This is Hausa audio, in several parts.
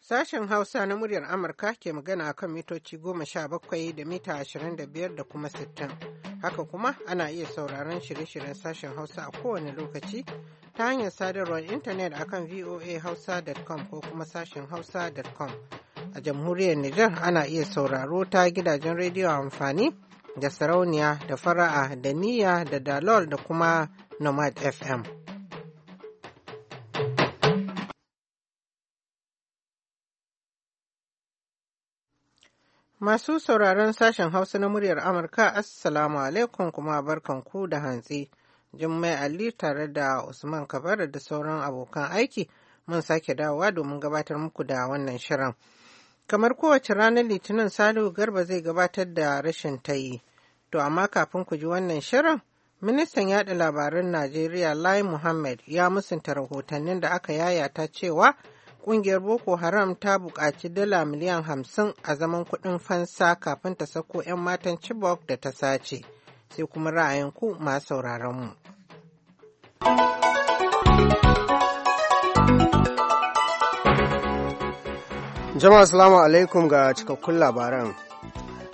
Sashen Hausa na muryar Amurka ke magana akan mitoci goma sha bakwai da mita ashirin da biyar da kuma sittin. Haka kuma ana iya sauraron shirye-shiryen sashen Hausa a kowane lokaci ta hanyar sadarwar intanet akan voahausa.com ko kuma sashen hausa.com. A jamhuriyar Nijar ana iya sauraro ta gidajen rediyo amfani da sarauniya da fara'a da niyya da dalol da kuma nomad fm masu sauraron sashen hausa na muryar amurka assalamu alaikum kuma barkanku da hantsi jummai ali tare da usman kabar da sauran abokan aiki mun sake dawowa domin gabatar muku da wannan shirin. Kamar kowace ranar Litinin Salihu Garba zai gabatar da rashin ta yi, To amma kafin ku ji wannan shirin, ministan yada labaran Najeriya Lai Muhammad ya musanta rahotannin da aka yayata cewa kungiyar Boko Haram ta buƙaci dala miliyan hamsin a zaman kuɗin fansa kafin ta sako 'yan matan Chibok da ta sace. Sai kuma ra'ayin ku masu sauraron mu. Jama'a asalamu alaikum ga cikakkun labaran.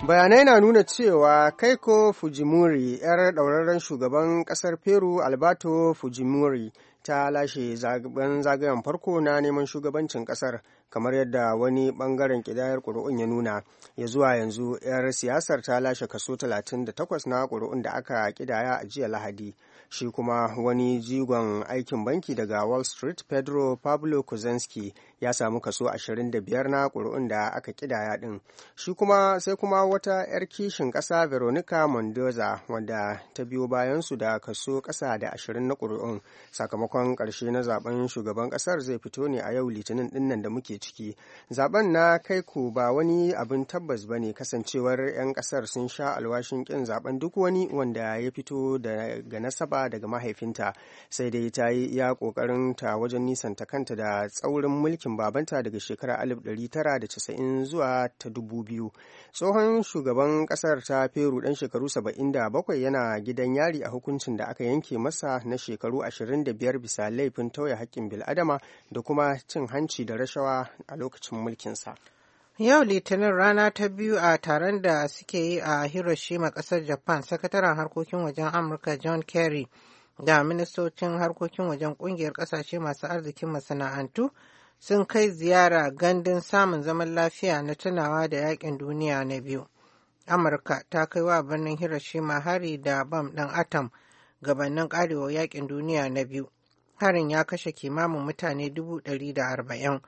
Bayanai na nuna cewa Kaiko Fujimori, 'yar ɗauraren shugaban ƙasar Peru Alberto Fujimori, ta lashe zaben zagayen farko na neman shugabancin ƙasar kamar yadda wani ɓangaren ƙidayar ƙuri'un ya nuna. Ya zuwa yanzu 'yar siyasar ta lashe kaso 38 na ƙuri'un da aka ƙidaya a jiya Lahadi. Shi kuma wani jigon aikin banki daga Wall Street Pedro Pablo Kuzinski ya samu kaso ashirin da biyar na ƙuri'un da aka kidaya ɗin shi kuma sai kuma wata 'yar kishin ƙasa veronica mendoza wadda ta biyo bayansu da kaso ƙasa da ashirin na ƙuri'un sakamakon ƙarshe na zaben shugaban ƙasar zai fito ne a yau litinin ɗinnan da muke ciki zaben na kai ku ba wani abin tabbas ba ne kasancewar 'yan ƙasar sun sha alwashin ƙin zaben duk wani wanda ya fito daga nasaba daga mahaifinta sai dai ta yi iya ta wajen nisanta kanta da tsaurin mulkin mulkin babanta daga shekara 1990 zuwa ta 2000. Tsohon shugaban kasar ta Peru dan shekaru 77 yana gidan yari a hukuncin da aka yanke masa na shekaru 25 bisa laifin tauye haƙƙin bil'adama da kuma cin hanci da rashawa a lokacin mulkinsa. Yau Litinin rana ta biyu a taron da suke yi a Hiroshima kasar Japan, Sakataren Harkokin Wajen Amurka John Kerry da Ministocin Harkokin Wajen kungiyar kasashe Masu Arzikin Masana'antu sun kai ziyara gandun samun zaman lafiya na tunawa da yakin duniya na biyu. Amurka ta kai wa birnin Hiroshima hari da bam ɗin atom gabanin karewar yakin duniya na biyu. Harin ya kashe kimamin mutane dubu ɗari da arba'in.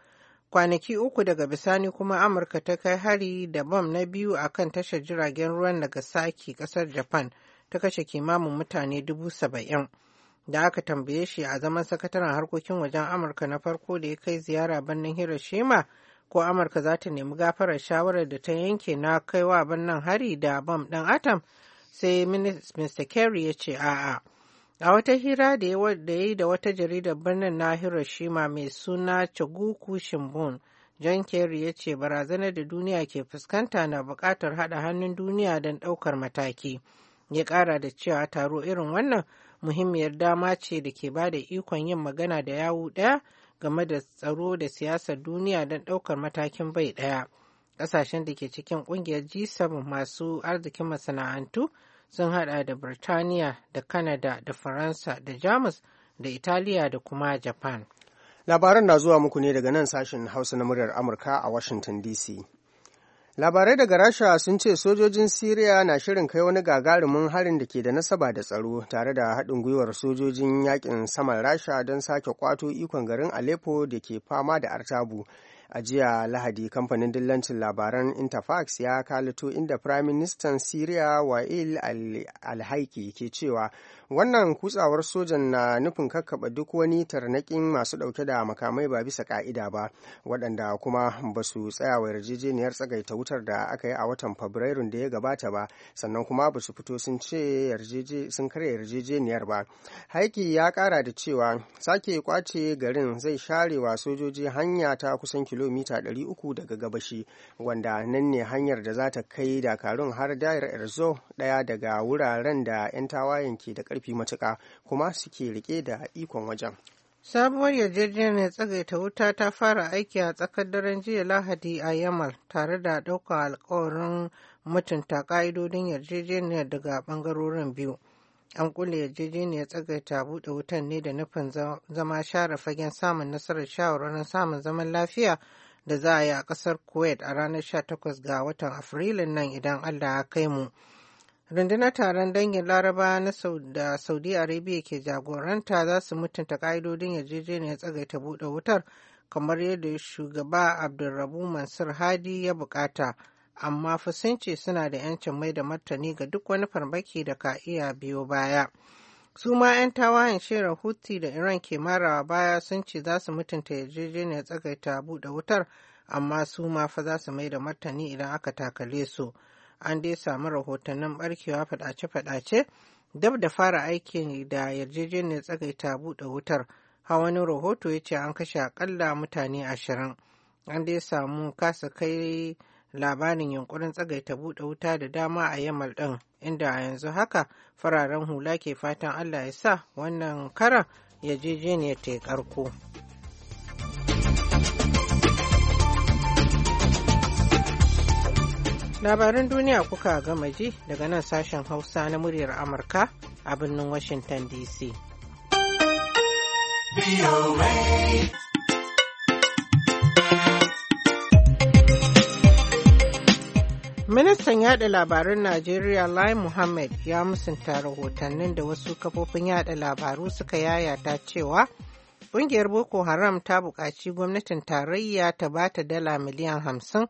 Kwanaki uku daga bisani kuma Amurka ta kai hari da bam na biyu a kan tashar jiragen ruwan Nagasaki ƙasar Japan ta kashe kimamin mutane dubu saba'in. da aka tambaye shi a zaman sakataren harkokin wajen amurka na farko da ya kai ziyara birnin hiroshima ko amurka za ta nemi gafarar shawarar da ta yanke na kaiwa birnin hari da bam ɗin atom sai mr kerry ya ce a'a a wata hira da ya yi da wata jaridar birnin na hiroshima mai suna chaguku shimbun john kerry ya ce barazanar da duniya ke fuskanta na bukatar haɗa hannun duniya don ɗaukar mataki ya kara da cewa taro irin wannan muhimmiyar dama ce da ke ba da ikon yin magana da yawu ɗaya game da tsaro da siyasar duniya don ɗaukar matakin bai ɗaya. Ƙasashen da ke cikin ƙungiyar G7 masu arzikin masana'antu sun haɗa da Birtaniya da Kanada da Faransa da Jamus da Italiya da kuma Japan. Labaran na zuwa muku ne daga nan sashen Hausa na muryar Amurka a Washington DC. Labarai daga Rasha sun ce sojojin Siriya na shirin kai wani gagarumin harin da ke da nasaba da tsaro tare da haɗin gwiwar sojojin yakin saman Rasha don sake kwato ikon garin Aleppo da ke fama da artabu. a jiya lahadi kamfanin dillancin labaran interfax ya kalato inda Firaministan minister syria wa'il al ke cewa wannan kutsawar sojan na nufin kakkaɓa duk wani tarnakin masu ɗauke da makamai ba bisa ƙa'ida ba waɗanda kuma ba su tsaya wa yarjejeniyar tsagaita wutar da aka yi a watan fabrairun da ya gabata ba sannan kuma ba su fito sun ce sun karya yarjejeniyar ba haiki ya ƙara da cewa sake kwace garin zai share wa sojoji hanya ta kusan kilomita 300 daga gabashi wanda nan ne hanyar da za ta kai dakarun har dayar erzo ɗaya daga wuraren da 'yan tawayen ke da ƙarfi ƙarfi matuƙa kuma suke rike da ikon wajen sabuwar yarjejeniyar tsagaita wuta ta fara aiki a tsakar daren jiya lahadi a yamal tare da ɗaukar alkawarin mutunta ka'idodin yarjejeniyar daga ɓangarorin biyu an kulle yarjejeniyar tsagaita buɗe wutan ne da nufin zama share fagen samun nasarar shawararin samun zaman lafiya da za a yi a ƙasar kuwait a ranar 18 ga watan afrilun nan idan allah ya kai mu rundunar taron dangin laraba na da saudi arabia ke jagoranta za su mutunta ka'idodin yarjejeniyar tsagaita buɗe wutar kamar yadda shugaba abdulrabu mansur hadi ya bukata amma fusunci suna da 'yancin mai da martani ga duk wani farmaki da ka iya biyo baya su ma 'yan tawayen shera huti da iran ke marawa baya sun ce za su mutunta yarjejeniyar tsagaita buɗe wutar amma su ma fa za su mai da martani idan aka takale su an dai samu rahotannin barkewa fadace-fadace dab da fara aikin da yarjejeniyar tsagaita buɗe wutar ha wani rahoto ya ce an kashe akalla mutane ashirin an dai samu kasa kai labarin yunkurin tsagaita buɗe wuta da dama a yamal ɗin inda a yanzu haka fararen hula ke fatan allah ya sa wannan karan yarjejeniyar ta yi ƙarko. Labaran duniya kuka gama ji daga nan sashen Hausa na muryar Amurka a birnin Washington DC. Ministan yada labarun Najeriya Lai Muhammad ya musunta rahotannin da wasu kafofin yada labaru suka yayata cewa ƙungiyar Boko Haram ta buƙaci gwamnatin tarayya ta bata dala miliyan hamsin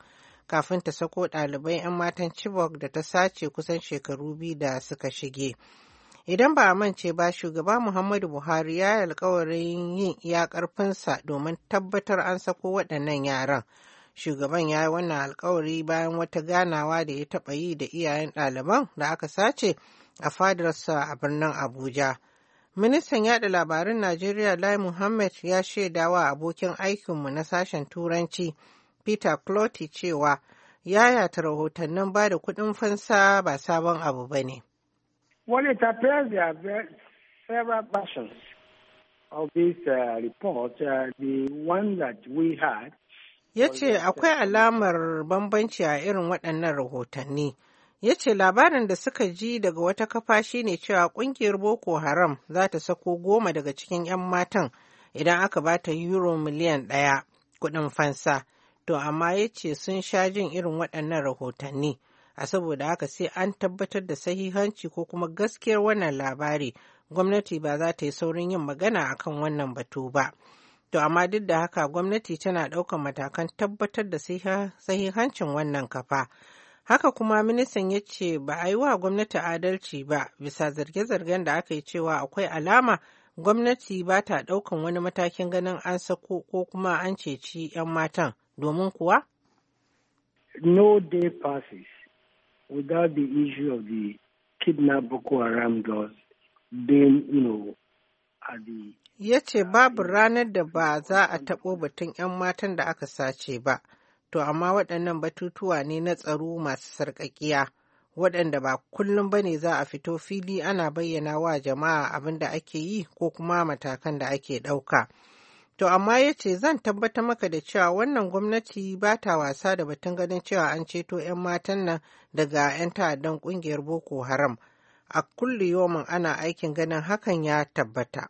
kafin ta sako ɗalibai 'yan matan Chibok da ta sace kusan shekaru biyu da suka shige. Idan ba a mance ba shugaba Muhammadu Buhari ya yi alkawarin yin iya ƙarfinsa domin tabbatar an sako waɗannan yaran. Shugaban ya yi wannan alkawari bayan wata ganawa da ya taɓa yi da iyayen ɗaliban da aka sace a fadarsa a birnin Abuja. Ministan yaɗa labarun Najeriya Lai Muhammad ya shaidawa abokin aikinmu na sashen Turanci Peter Clotty cewa yayata rahotannin ba da kuɗin fansa ba sabon abu ba ne. Well, it appears there versions of this uh, report. Uh, the one that we had ya ce uh, akwai alamar bambanci a irin waɗannan rahotanni ya ce labarin da suka ji daga wata kafa shi ne cewa ƙungiyar boko haram za ta sako goma daga cikin 'yan matan idan aka ba ta euro miliyan ɗaya kuɗin fansa to amma ya ce sun sha jin irin waɗannan rahotanni a saboda haka sai an tabbatar da sahihanci ko kuma gaskiyar wannan labari gwamnati ba za ta yi saurin yin magana akan wannan batu ba to amma duk da haka gwamnati tana ɗaukar matakan tabbatar da sahihancin wannan kafa haka kuma ministan ya ce ba a yi wa gwamnati adalci ba bisa zarge-zargen da aka yi cewa akwai alama gwamnati ba ta ɗaukan wani matakin ganin an sako ko kuma an ceci 'yan matan domin kuwa no day passes without the issue of the kidnap Boko Haram girls being, you know, at the ya ce uh, babu ranar da ba za a taɓo batun 'yan matan da aka sace ba, to amma waɗannan batutuwa ne na tsaro masu sarƙaƙiya, waɗanda ba kullum ba ne za a fito fili ana bayyana wa jama'a abin da ake yi ko kuma matakan da ake ɗauka. To amma ya ce zan tabbatar maka da cewa wannan gwamnati ba ta wasa da batun ganin cewa an ceto 'yan matan nan daga 'yan ta'addan kungiyar Boko Haram. A kulli yomin ana aikin ganin hakan ya tabbata.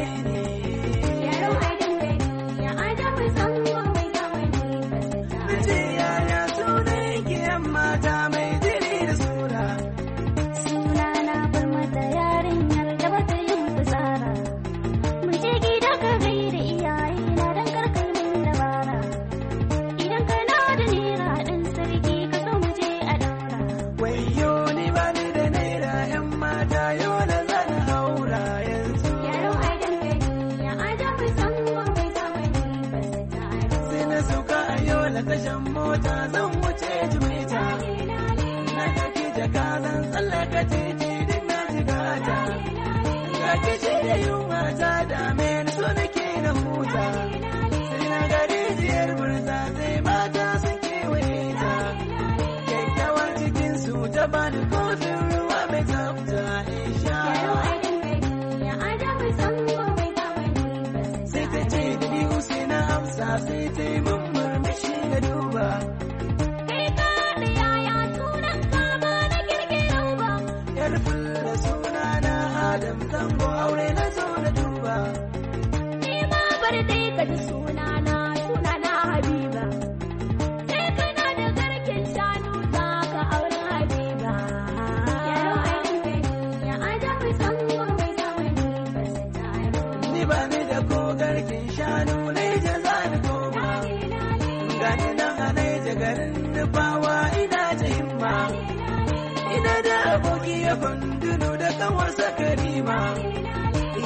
wasa karima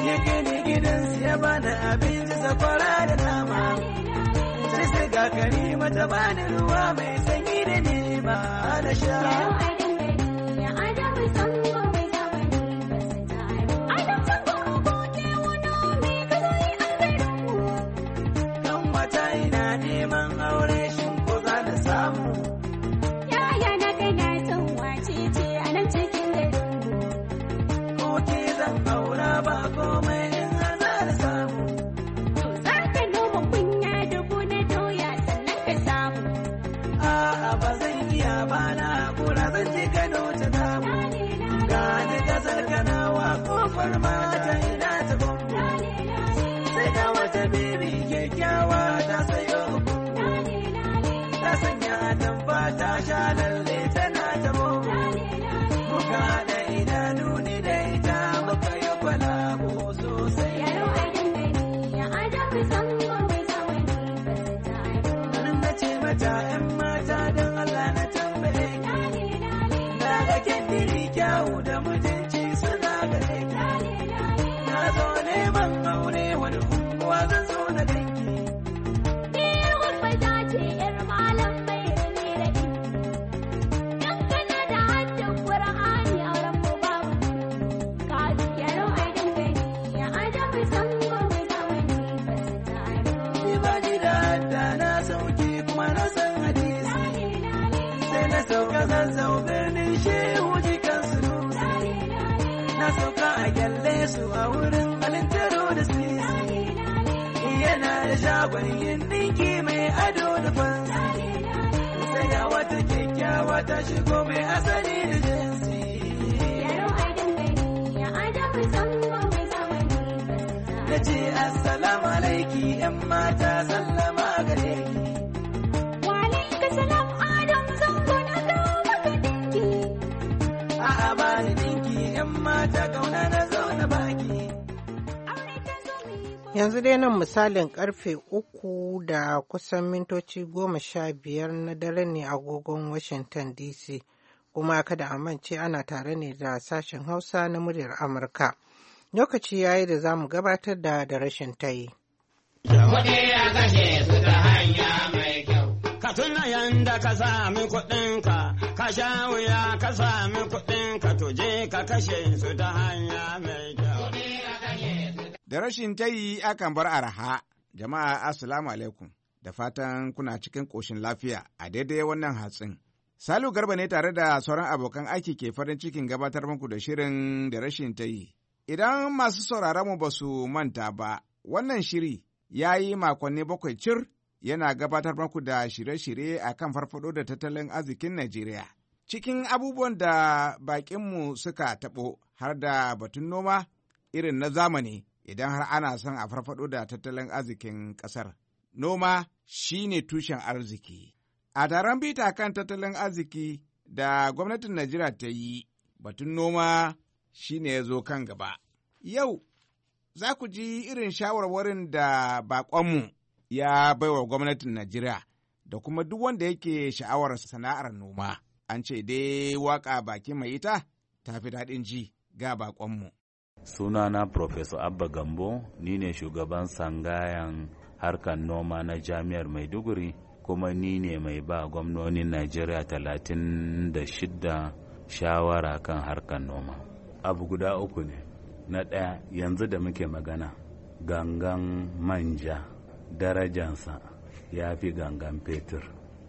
ya gani gidan ya bada abinci sakwara da dama sai sai ga karima ta bani ruwa mai sanyi da nema na sha ta shigo mai asali da jinsi. Yaro a dangane ya adamu zango mai zamani banza. Na ce assalamu alaiki 'yan mata sallama gare ki. Yanzu dai nan misalin karfe uku da kusan mintoci goma sha biyar na dare ne a agogon Washington DC, kuma kada a mance ana tare ne da sashen Hausa na muryar Amurka. Lokaci ya yi da zamu gabatar da da rashin tayi. Kuɗi kashe su ta hanya mai kyau. Ka tuna yanda ka sami kuɗinka, ka sha wuya ka sami kuɗinka, to je ka kashe su ta hanya mai kyau. da rashin tayi akan bar araha. Jama'a Assalamu alaikum da fatan kuna cikin ƙoshin lafiya a daidai wannan hatsin. Salu Garba ne tare da sauran abokan aiki ke farin cikin gabatar muku da shirin da rashin tayi. Idan masu sauraron mu ba su manta ba, wannan shiri ya yi makonni bakwai cir yana gabatar muku da shirye-shirye a kan farfado da tattalin arzikin Najeriya. Cikin abubuwan da baƙinmu suka taɓo har da batun noma irin na zamani idan har ana son a farfado da tattalin arzikin ƙasar. Noma shi ne tushen arziki. A taron bita kan tattalin arziki da gwamnatin Najeriya ta yi, batun noma shi ne ya zo kan gaba. Yau, za ku ji irin shawarwarin da baƙonmu ya baiwa gwamnatin Najeriya da kuma duk wanda yake sha'awar sana'ar noma. An ce dai waƙa baki mai ita ta fi daɗin ji ga baƙonmu. sunana professor abba gambo ni ne shugaban sangayan harkar noma na jami'ar maiduguri kuma ni ne mai ba gwamnonin najeriya 36 shawara kan harkar noma abu guda uku ne na ɗaya yanzu da muke magana gangan manja darajansa ya fi gangan fetur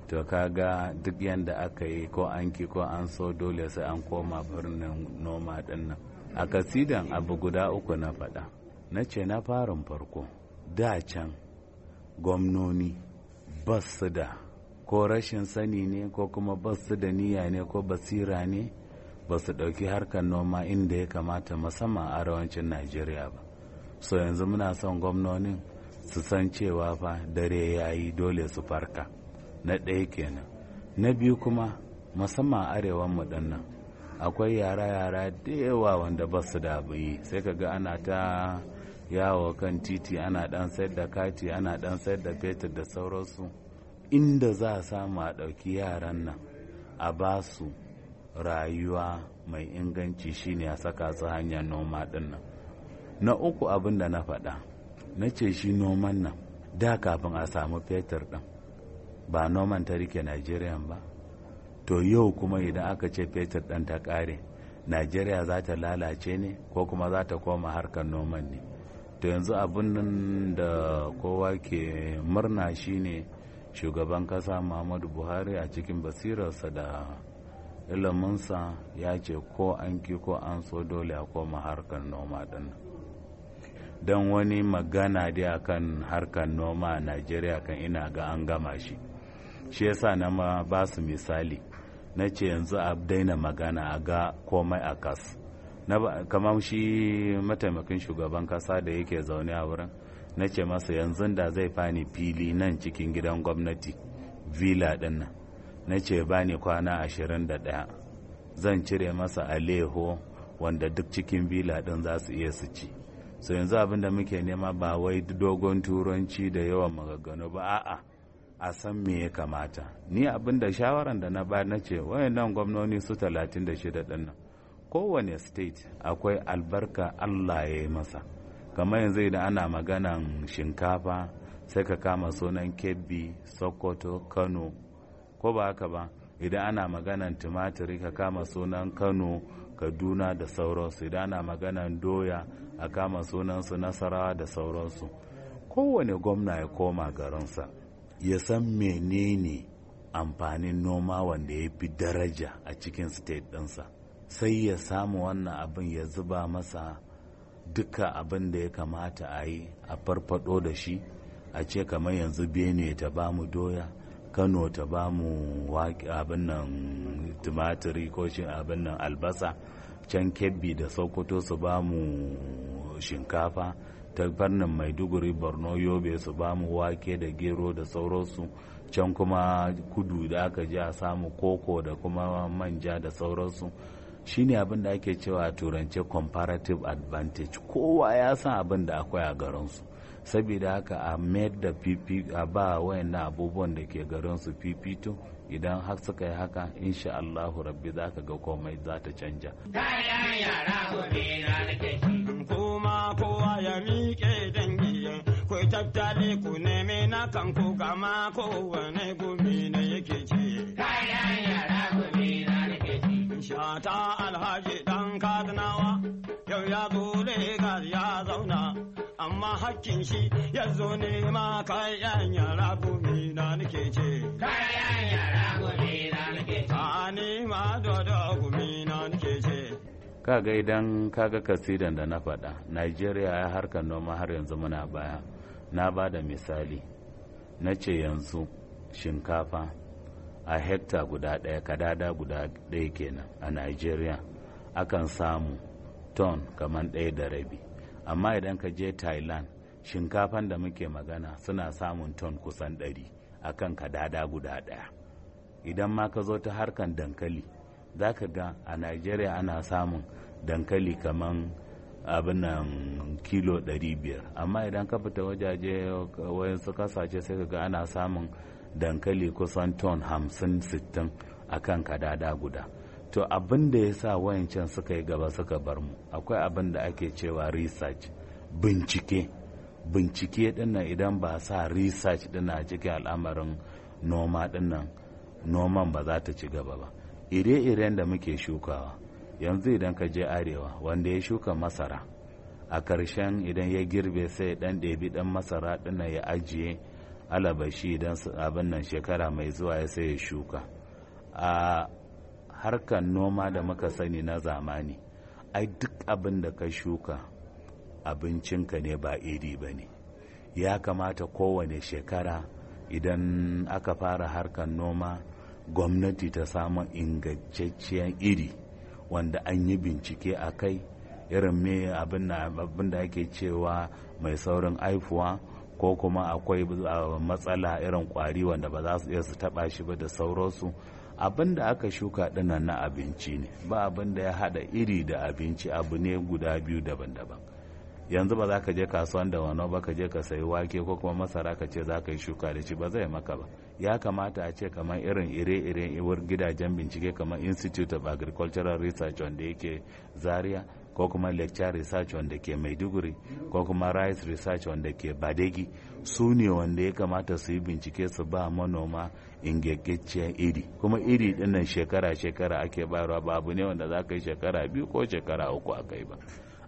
to kaga duk yadda aka yi ko an ki ko an so dole sai an koma birnin noma ɗin nan a kasidan abu guda uku na faɗa na ce na farin farko da can gwamnoni ba su da ko rashin sani ne ko kuma ba su da niyya ne ko basira ne ba su ɗauki harkar noma inda ya kamata musamman arewacin najeriya ba so yanzu muna son gwamnonin su san cewa fa dare ya yi dole su farka na ɗaya kenan na biyu kuma musamman arewan mu nan akwai yara-yara da yawa wanda ba su da yi sai ka ga ana ta yawo kan titi ana dan sayar da kati ana dan sayar da fetur da sauransu inda za a samu a ɗauki yaran nan a ba su rayuwa mai inganci shine a saka su hanyar noma din nan na uku abin da na faɗa na ce shi noman nan da kafin a samu fetur ɗin ba noman ta rike najeriya ba to yau kuma idan aka ce fetur ɗan ta ƙare najeriya za ta lalace ne ko kuma za ta koma harkar noman ne to yanzu abin da kowa ke murna shine shugaban ƙasa muhammadu buhari a cikin basirarsa da iliminsa ya ce ko an ki ko an so dole a koma harkar noma ɗin don wani magana dai akan harkar noma a najeriya kan ina ga an gama shi shi yasa na ma ba su misali na ce yanzu a daina magana a ga komai a kas kamar shi mataimakin shugaban kasa da yake zaune a wurin na ce masa yanzu da zai fani fili nan cikin gidan gwamnati villa din nan na ce bani kwana ashirin da ɗaya zan cire masa aleho wanda duk cikin villa din za su iya su ci so yanzu abin da muke nema ba wai dogon turanci da yawan magagano ba a'a a san me ya kamata ni abin da shawaran da na ba na ce wayannan gwamnoni su 36 din nan kowane state akwai albarka allah ya yi masa kamar yanzu idan ana maganan shinkafa sai ka kama sunan kebbi sokoto kano ko ba haka ba idan ana maganan tumatiri ka kama sunan kano kaduna da sauransu idan ana maganan doya a kama sunansu nasarawa da sauransu kowane gwamna ya koma garinsa ya san menene amfanin noma wanda ya fi daraja a cikin state ɗinsa sai ya samu wannan abin ya zuba masa duka abin da ya kamata a yi a farfado da shi a ce kamar yanzu benue ta ba mu doya kano ta ba mu abin nan tumatiri ko abin nan albasa can kebbi da sokoto su ba mu shinkafa ta fannin maiduguri borno yobe su ba mu wake da gero da sauransu can kuma kudu da aka je a samu koko da kuma manja da sauransu shi ne abin da ake cewa turance comparative advantage kowa ya san abin da akwai a garinsu saboda haka a mayar da a ba wayan abubuwan da ke garinsu fifito idan har suka yi haka insha Allahu rabbi za ka ga komai za ta canja kuma kowa ya miƙe dangi ku tattale ku neme na kan ku gama kowane gumi na yake ce shata alhaji hakkin shi ya zo nema kayan yara gumi na nake ce. Kayan yara gumi na nake ce. A ni ma dodo gumi na nake ce. Kaga idan kaga kasidan da na faɗa, Najeriya ya harkar noma har yanzu muna baya. Na ba da misali, na ce yanzu shinkafa a hekta guda ɗaya kadada guda ɗaya kenan a Najeriya akan samu ton kamar ɗaya da rabi amma idan ka je thailand shinkafan da muke magana suna samun ton kusan ɗari a kan kadada guda ɗaya idan ma ka zo ta harkan dankali za ka ga a Najeriya ana samun dankali kamar abin nan kilo 500 amma idan ka fita wajaje su kasashe sai ka ga ana samun dankali kusan ton 50-60 a kan kadada guda to abin da ya sa wayancan suka yi gaba suka bar mu akwai abin da ake cewa research bincike bincike dinnan idan ba sa research dinnan a cikin al'amarin noma dinnan noman ba za ta ci gaba ba ire-iren da muke shukawa yanzu idan ka je arewa wanda ya shuka masara a karshen idan ya girbe sai dan ɗebi dan masara dinnan ya ajiye alabashi idan abin nan shekara mai zuwa ya sai ya shuka a harkar noma da muka sani na zamani ai duk abin da ka shuka abincinka ne ba iri ba ne ya kamata kowane shekara idan aka fara harkar noma gwamnati ta samu ingantacciyar iri wanda an yi bincike a kai irin me abin da ake cewa mai saurin aifuwa ko kuma akwai matsala irin kwari wanda ba za su iya su taba shi ba da sauransu abin da aka shuka dinan na abinci ne ba abin da ya hada iri da abinci abu ne guda biyu daban-daban yanzu ba za ka je kasuwan da wano ba ka je ka sayi wake ko kuma masara ka ce za ka yi shuka da shi ba zai maka ba ya kamata a ce kamar irin ire-iren iwar gidajen bincike kamar institute of agricultural research wanda yake zaria ko kuma lecture research wanda ke maiduguri ko kuma rice research wanda ke badegi su ne wanda ya kamata su yi bincike su ba manoma ingaggacciyar iri kuma iri dinnan shekara-shekara ake bayarwa babu ne wanda za ka yi shekara biyu ko shekara uku a kai ba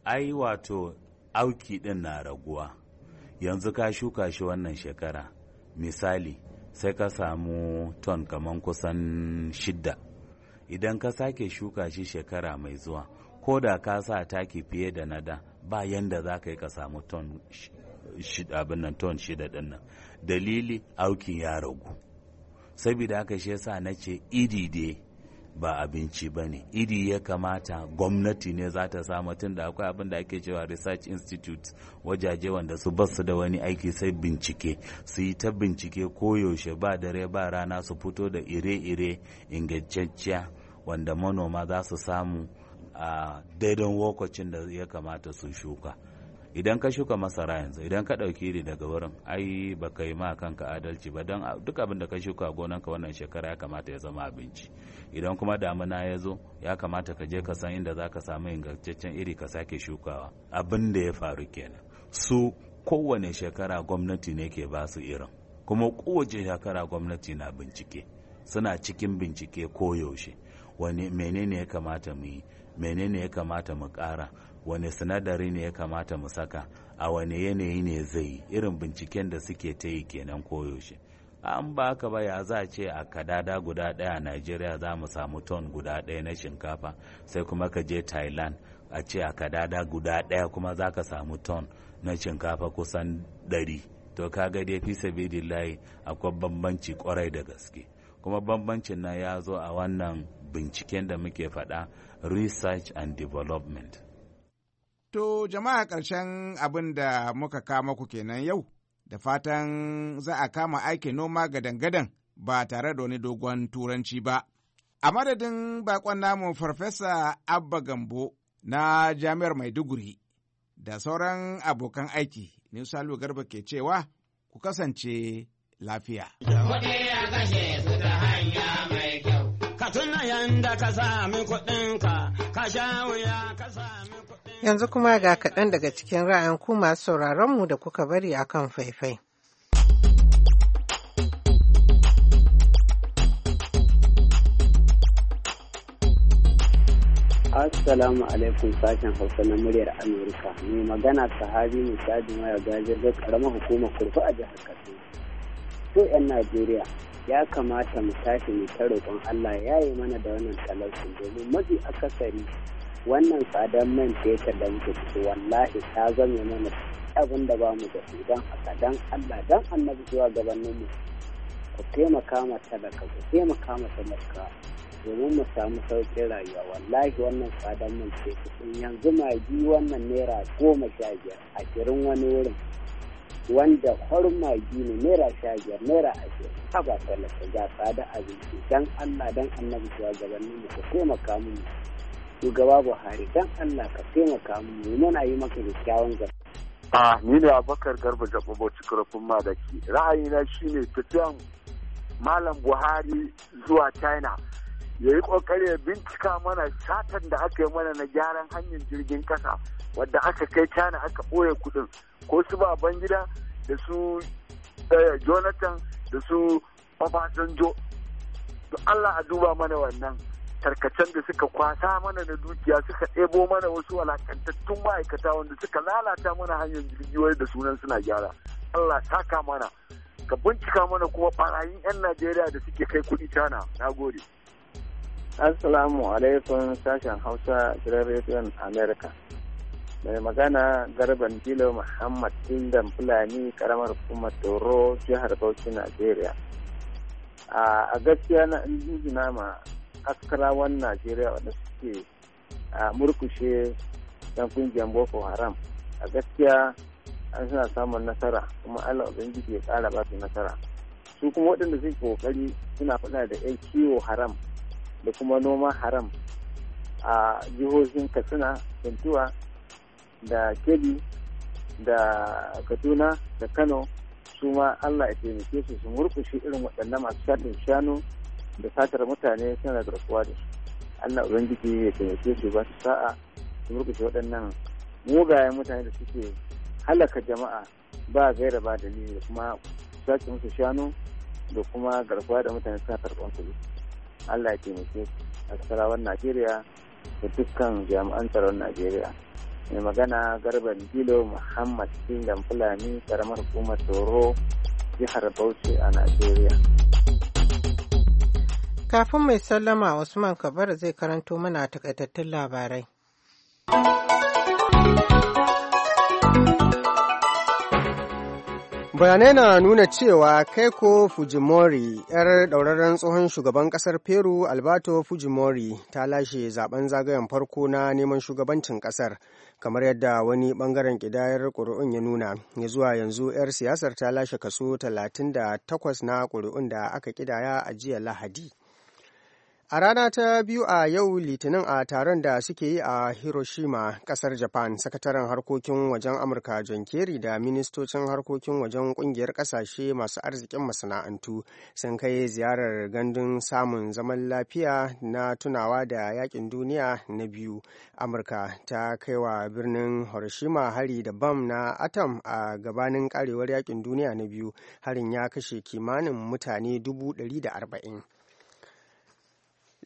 ai wato auki ɗin na raguwa yanzu ka shuka shi wannan shekara misali sai ka samu ton kamar kusan shidda idan ka sake shuka shi shekara mai zuwa ko da ka sa taki fiye da na da ba yanda za ka yi ka samu ton abin nan ton shida din nan dalili auki ya ragu saboda haka shi yasa na ce idide ba abinci ba ne iri ya kamata gwamnati ne za ta samu tun da akwai abin da ake cewa research institute wajaje wanda su basu da wani aiki sai bincike su yi ta bincike koyaushe ba dare ba rana su fito da ire-ire ingantacciya wanda manoma za su samu a daidan lokacin da ya kamata su shuka idan ka shuka masara yanzu idan ka ɗauki iri daga wurin ai ba ka yi ma kanka adalci ba don ah, duk abin da ka shuka ka wannan shekara ya kamata ya zama abinci idan kuma damina ya zo ya kamata ka je ka san inda za ka samu ingantaccen iri ka sake shukawa abin da ya faru kenan su kowane shekara gwamnati ne ke ba su irin kuma kowace shekara gwamnati na bincike suna cikin bincike koyaushe wani menene ya kamata mu yi menene ya kamata mu ƙara Wani sinadari ne ya kamata mu saka a wani yanayi ne zai yi irin binciken da suke ta yi kenan koyaushe an ba haka ba ya za ce a kadada guda ɗaya a najeriya za mu samu ton guda ɗaya na shinkafa sai kuma ka je thailand a ce a kadada guda ɗaya kuma za ka samu ton na shinkafa kusan ɗari to kaga dai fi sabidillahi akwai bambanci kwarai da gaske kuma bambancin nan ya zo a wannan binciken da muke faɗa research and development To jama'a ƙarshen abin da muka kama ku kenan yau, da fatan za a kama aikin noma gadan-gadan ba tare da wani dogon turanci ba. A madadin bakon namu Farfesa Abba Gambo na Jami'ar Maiduguri da sauran abokan aiki, ni Salu Garba ke cewa ku kasance lafiya. Ka yanda ka sami kuɗinka, ka sha wuya ka sami kuɗinka. Yanzu kuma ga kaɗan daga cikin ra'ayin ku masu sauraronmu da kuka bari a kan faifai. Assalamu alaikum sashen Hausa na muryar Amurka. Mai magana sahabi Musadi mai Gajir da karamar hukumar kurfa a jihar Katsina. To 'yan Najeriya ya kamata mu tashi mu ta roƙon Allah ya yi mana da wannan talaucin domin mafi akasari wannan tsadar man fetur da muke fito wallahi ta zama mana abin da ba mu da su don haka don Allah don annabi zuwa gabanin mu ku taimaka ma talaka ku taimaka ma talaka domin mu samu sauƙin rayuwa wallahi wannan tsadar man fetur din yanzu yi wannan naira goma sha biyar a ashirin wani wurin wanda kwarin magi ne naira sha biyar naira ashirin haba talaka ga tsada abinci don Allah don annabi zuwa gabanin mu ku taimaka mu shugaba buhari dan allah ka taimaka mu muna yi maka kyakkyawan gaba a ni ne Abubakar garba jaɓa bauchi da madaki ra'ayina shine tafiyan malam buhari zuwa china ya yi kokari ya bincika mana satan da aka yi mana na gyaran hanyar jirgin kasa wadda aka kai china aka ɓoye kuɗin ko su baban gida da su eh, jonathan da su to allah a duba mana wannan tarkacen da suka kwasa mana na dukiya suka ɗebo mana wasu alakantattun ma'aikata wanda suka lalata mana hanyar jirgiwar da sunan suna gyara allah saka mana ka bincika mana kuma barayin 'yan najeriya da suke kai kuɗi tana na gode assalamu alaikum sashen hausa gidan rediyon america mai magana garban dilo muhammad dindan fulani karamar kuma toro jihar bauchi najeriya a gaskiya na injina ma askarawan najeriya wanda suke murkushe yan kungiyar boko haram a gaskiya an suna samun nasara kuma allah ubangiji ya kara ba su nasara su kuma waɗanda suke kokari suna faɗa da yan kiwo haram da kuma noma haram a jihohin katsina tuntuwa da kebbi da kaduna da kano su ma allah ya taimake su su murkushe irin waɗannan masu shanu da satar mutane suna da garkuwa da Allah Ubangiji ya taimake su ba su sa'a su murkushe waɗannan mugayen mutane da suke halaka jama'a ba gaira ba da da kuma sace musu shanu da kuma garkuwa da mutane suna karɓar kuɗi. Allah ya taimake su a sarawar Najeriya da dukkan jami'an tsaron Najeriya. mai magana garban dilo muhammad singan fulani karamar hukumar toro jihar bauchi a najeriya Kafin mai sallama Usman kabar zai karanto mana takaitattun labarai. bayanai na nuna cewa keiko fujimori yar ɗauraren tsohon shugaban ƙasar peru alberto fujimori ta lashe zaben zagayen farko na neman shugabancin ƙasar kamar yadda wani ɓangaren ƙidayar ƙuri'un ya nuna ya zuwa yanzu 'yar siyasar ta lashe kaso 38 na ƙuri'un da aka ƙidaya a jiya lahadi A rana ta biyu a yau Litinin a taron da suke yi a Hiroshima, kasar Japan, sakataren harkokin wajen Amurka John Kerry da ministocin harkokin wajen kungiyar kasashe masu arzikin masana'antu sun kai ziyarar gandun samun zaman lafiya na tunawa da yakin duniya na biyu. Amurka ta kai wa birnin Hiroshima hari da bam na atom a gabanin karewar yakin duniya na biyu. Harin ya kashe kimanin mutane dubu ɗari da arba'in.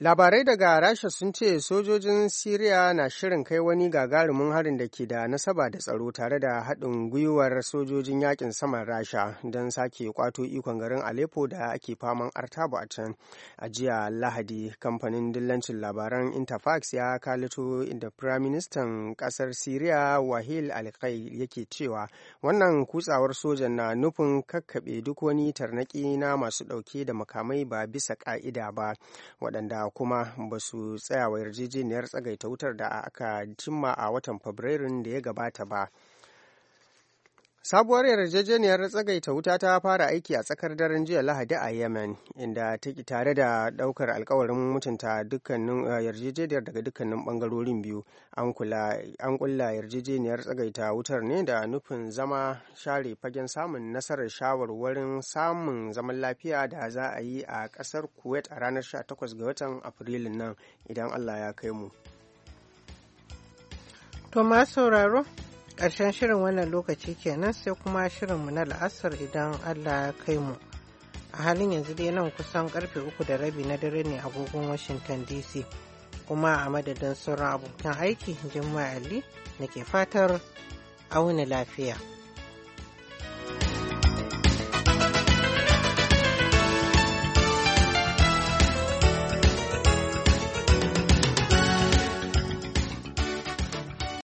Labarai daga Rasha sun ce sojojin Siriya na shirin kai wani gagarumin harin da ke da nasaba da tsaro tare da haɗin gwiwar sojojin yakin saman Rasha don sake kwato ikon garin Aleppo da ake faman artabu a can. A jiya Lahadi, kamfanin dillancin labaran Interfax ya kalito inda Firaministan ƙasar Siriya Wahil Alkai yake cewa wannan kutsawar sojan na nufin kakkaɓe duk wani tarnaƙi na masu ɗauke da makamai ba bisa ƙa'ida ba waɗanda kuma ba su wa yarjejeniyar tsagaita wutar da aka cimma a watan fabrairun da ya gabata ba Sabuwar yarjejeniyar tsagaita wuta ta fara aiki a tsakar daren jiya Lahadi a Yemen, inda take tare da daukar alkawarin mutunta dukkanin eh, yarjejeniyar daga dukkanin bangarorin biyu. An kulla yarjejeniyar tsagaita wutar ne da nufin zama share fagen samun nasarar shawarwarin samun zaman lafiya da za a yi a kasar Kuwait a ranar 18 ga watan Afrilun nan idan Allah ya kai mu. To sauraro Karshen shirin wannan lokaci kenan sai kuma shirin mu na la'asar idan Allah ya kai mu. A halin yanzu dai nan kusan karfe uku da rabi na dare ne agogon Washington DC. Kuma a madadin sauran abokan aiki Jummai Ali nake fatar auna lafiya.